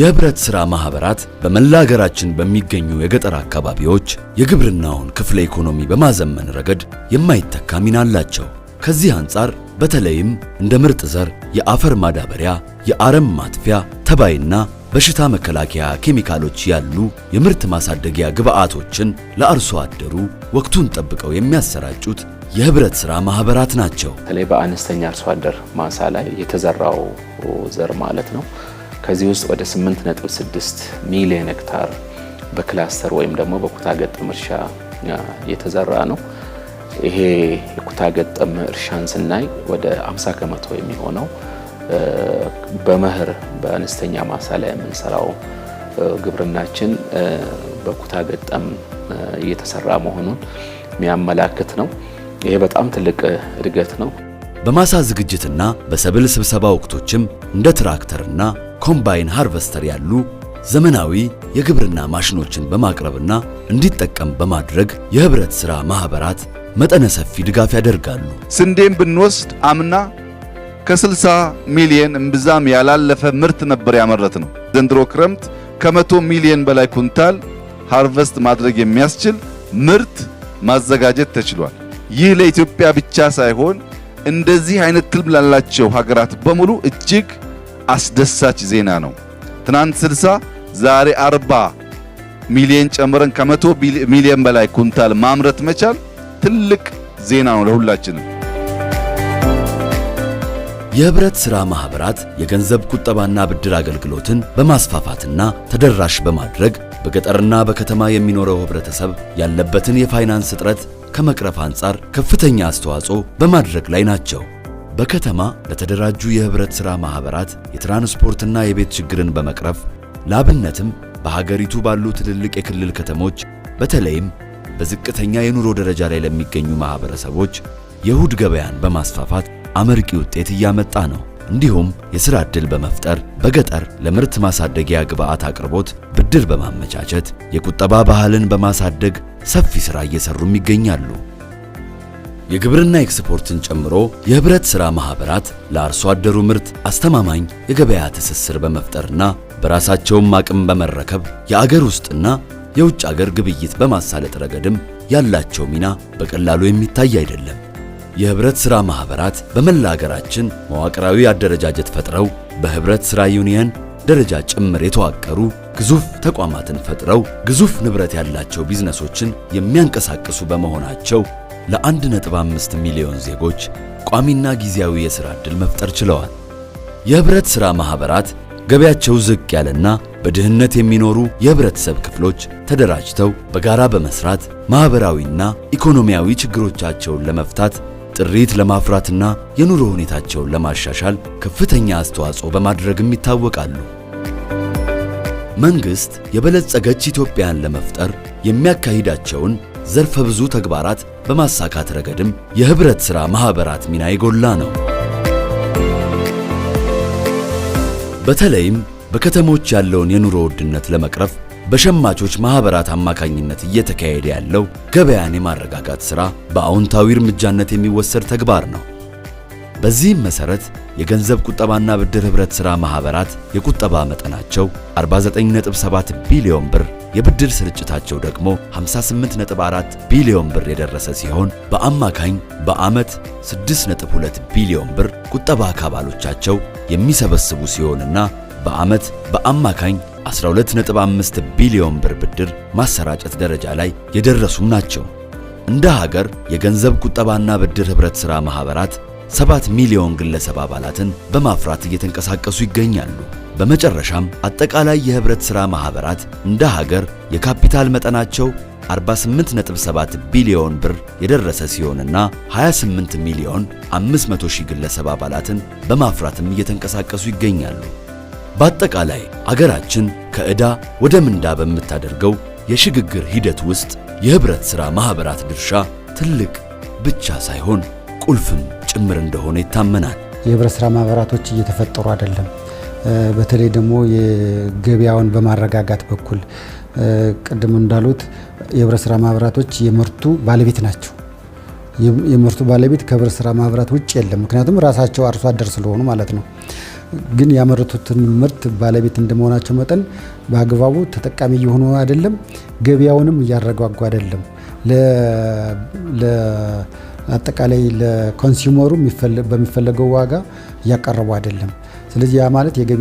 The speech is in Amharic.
የህብረት ሥራ ማኅበራት በመላ አገራችን በሚገኙ የገጠር አካባቢዎች የግብርናውን ክፍለ ኢኮኖሚ በማዘመን ረገድ የማይተካ ሚና አላቸው። ከዚህ አንጻር በተለይም እንደ ምርጥ ዘር፣ የአፈር ማዳበሪያ፣ የአረም ማጥፊያ፣ ተባይና በሽታ መከላከያ ኬሚካሎች ያሉ የምርት ማሳደጊያ ግብዓቶችን ለአርሶ አደሩ ወቅቱን ጠብቀው የሚያሰራጩት የህብረት ሥራ ማኅበራት ናቸው። በተለይ በአነስተኛ አርሶ አደር ማሳ ላይ የተዘራው ዘር ማለት ነው ከዚህ ውስጥ ወደ 8.6 ሚሊዮን ሄክታር በክላስተር ወይም ደግሞ በኩታ ገጠም እርሻ የተዘራ ነው። ይሄ የኩታ ገጠም እርሻን ስናይ ወደ 50 ከመቶ የሚሆነው በመኸር በአነስተኛ ማሳ ላይ የምንሰራው ግብርናችን በኩታ ገጠም እየተሰራ መሆኑን የሚያመላክት ነው። ይሄ በጣም ትልቅ እድገት ነው። በማሳ ዝግጅትና በሰብል ስብሰባ ወቅቶችም እንደ ትራክተርና ኮምባይን ሃርቨስተር ያሉ ዘመናዊ የግብርና ማሽኖችን በማቅረብና እንዲጠቀም በማድረግ የህብረት ሥራ ማኅበራት መጠነ ሰፊ ድጋፍ ያደርጋሉ። ስንዴም ብንወስድ አምና ከ60 ሚሊየን እምብዛም ያላለፈ ምርት ነበር ያመረት ነው። ዘንድሮ ክረምት ከመቶ ሚሊየን በላይ ኩንታል ሃርቨስት ማድረግ የሚያስችል ምርት ማዘጋጀት ተችሏል። ይህ ለኢትዮጵያ ብቻ ሳይሆን እንደዚህ አይነት ትልም ላላቸው ሀገራት በሙሉ እጅግ አስደሳች ዜና ነው። ትናንት 60 ዛሬ 40 ሚሊየን ጨምረን ከ100 ሚሊየን በላይ ኩንታል ማምረት መቻል ትልቅ ዜና ነው ለሁላችንም። የህብረት ሥራ ማኅበራት የገንዘብ ቁጠባና ብድር አገልግሎትን በማስፋፋትና ተደራሽ በማድረግ በገጠርና በከተማ የሚኖረው ህብረተሰብ ያለበትን የፋይናንስ እጥረት ከመቅረፍ አንጻር ከፍተኛ አስተዋጽኦ በማድረግ ላይ ናቸው። በከተማ ለተደራጁ የህብረት ሥራ ማኅበራት የትራንስፖርትና የቤት ችግርን በመቅረፍ ላብነትም በሀገሪቱ ባሉ ትልልቅ የክልል ከተሞች በተለይም በዝቅተኛ የኑሮ ደረጃ ላይ ለሚገኙ ማኅበረሰቦች የእሁድ ገበያን በማስፋፋት አመርቂ ውጤት እያመጣ ነው። እንዲሁም የሥራ ዕድል በመፍጠር በገጠር ለምርት ማሳደጊያ ግብዓት አቅርቦት ብድር በማመቻቸት የቁጠባ ባህልን በማሳደግ ሰፊ ሥራ እየሠሩም ይገኛሉ። የግብርና ኤክስፖርትን ጨምሮ የህብረት ሥራ ማኅበራት ለአርሶ አደሩ ምርት አስተማማኝ የገበያ ትስስር በመፍጠርና በራሳቸውም አቅም በመረከብ የአገር ውስጥና የውጭ አገር ግብይት በማሳለጥ ረገድም ያላቸው ሚና በቀላሉ የሚታይ አይደለም። የህብረት ሥራ ማኅበራት በመላ አገራችን መዋቅራዊ አደረጃጀት ፈጥረው በህብረት ሥራ ዩኒየን ደረጃ ጭምር የተዋቀሩ ግዙፍ ተቋማትን ፈጥረው ግዙፍ ንብረት ያላቸው ቢዝነሶችን የሚያንቀሳቅሱ በመሆናቸው ለ1.5 ሚሊዮን ዜጎች ቋሚና ጊዜያዊ የሥራ ዕድል መፍጠር ችለዋል። የኅብረት ሥራ ማኅበራት ገበያቸው ዝቅ ያለና በድህነት የሚኖሩ የኅብረተሰብ ክፍሎች ተደራጅተው በጋራ በመሥራት ማኅበራዊና ኢኮኖሚያዊ ችግሮቻቸውን ለመፍታት ጥሪት ለማፍራትና የኑሮ ሁኔታቸውን ለማሻሻል ከፍተኛ አስተዋጽኦ በማድረግም ይታወቃሉ። መንግሥት የበለጸገች ኢትዮጵያን ለመፍጠር የሚያካሂዳቸውን ዘርፈ ብዙ ተግባራት በማሳካት ረገድም የህብረት ሥራ ማኅበራት ሚና የጎላ ነው። በተለይም በከተሞች ያለውን የኑሮ ውድነት ለመቅረፍ በሸማቾች ማኅበራት አማካኝነት እየተካሄደ ያለው ገበያን የማረጋጋት ሥራ በአዎንታዊ እርምጃነት የሚወሰድ ተግባር ነው። በዚህም መሰረት የገንዘብ ቁጠባና ብድር ኅብረት ሥራ ማኅበራት የቁጠባ መጠናቸው 49.7 ቢሊዮን ብር የብድር ስርጭታቸው ደግሞ 58.4 ቢሊዮን ብር የደረሰ ሲሆን በአማካኝ በዓመት 6.2 ቢሊዮን ብር ቁጠባ አካባሎቻቸው የሚሰበስቡ ሲሆንና በዓመት በአማካኝ 12.5 ቢሊዮን ብር ብድር ማሰራጨት ደረጃ ላይ የደረሱም ናቸው። እንደ ሀገር የገንዘብ ቁጠባና ብድር ህብረት ሥራ ማኅበራት ሰባት ሚሊዮን ግለሰብ አባላትን በማፍራት እየተንቀሳቀሱ ይገኛሉ። በመጨረሻም አጠቃላይ የህብረት ሥራ ማኅበራት እንደ ሀገር የካፒታል መጠናቸው 48.7 ቢሊዮን ብር የደረሰ ሲሆንና 28 ሚሊዮን 500 ሺህ ግለሰብ አባላትን በማፍራትም እየተንቀሳቀሱ ይገኛሉ። በአጠቃላይ አገራችን ከዕዳ ወደ ምንዳ በምታደርገው የሽግግር ሂደት ውስጥ የህብረት ሥራ ማኅበራት ድርሻ ትልቅ ብቻ ሳይሆን ቁልፍም ጭምር እንደሆነ ይታመናል። የህብረት ስራ ማህበራቶች እየተፈጠሩ አይደለም። በተለይ ደግሞ የገበያውን በማረጋጋት በኩል ቅድም እንዳሉት የህብረት ስራ ማህበራቶች የምርቱ ባለቤት ናቸው። የምርቱ ባለቤት ከህብረት ስራ ማህበራት ውጭ የለም። ምክንያቱም ራሳቸው አርሶ አደር ስለሆኑ ማለት ነው። ግን ያመረቱትን ምርት ባለቤት እንደመሆናቸው መጠን በአግባቡ ተጠቃሚ እየሆኑ አይደለም። ገበያውንም እያረጓጉ አይደለም። አጠቃላይ ለኮንሱመሩ በሚፈለገው ዋጋ እያቀረቡ አይደለም። ስለዚህ ያ ማለት የገቢ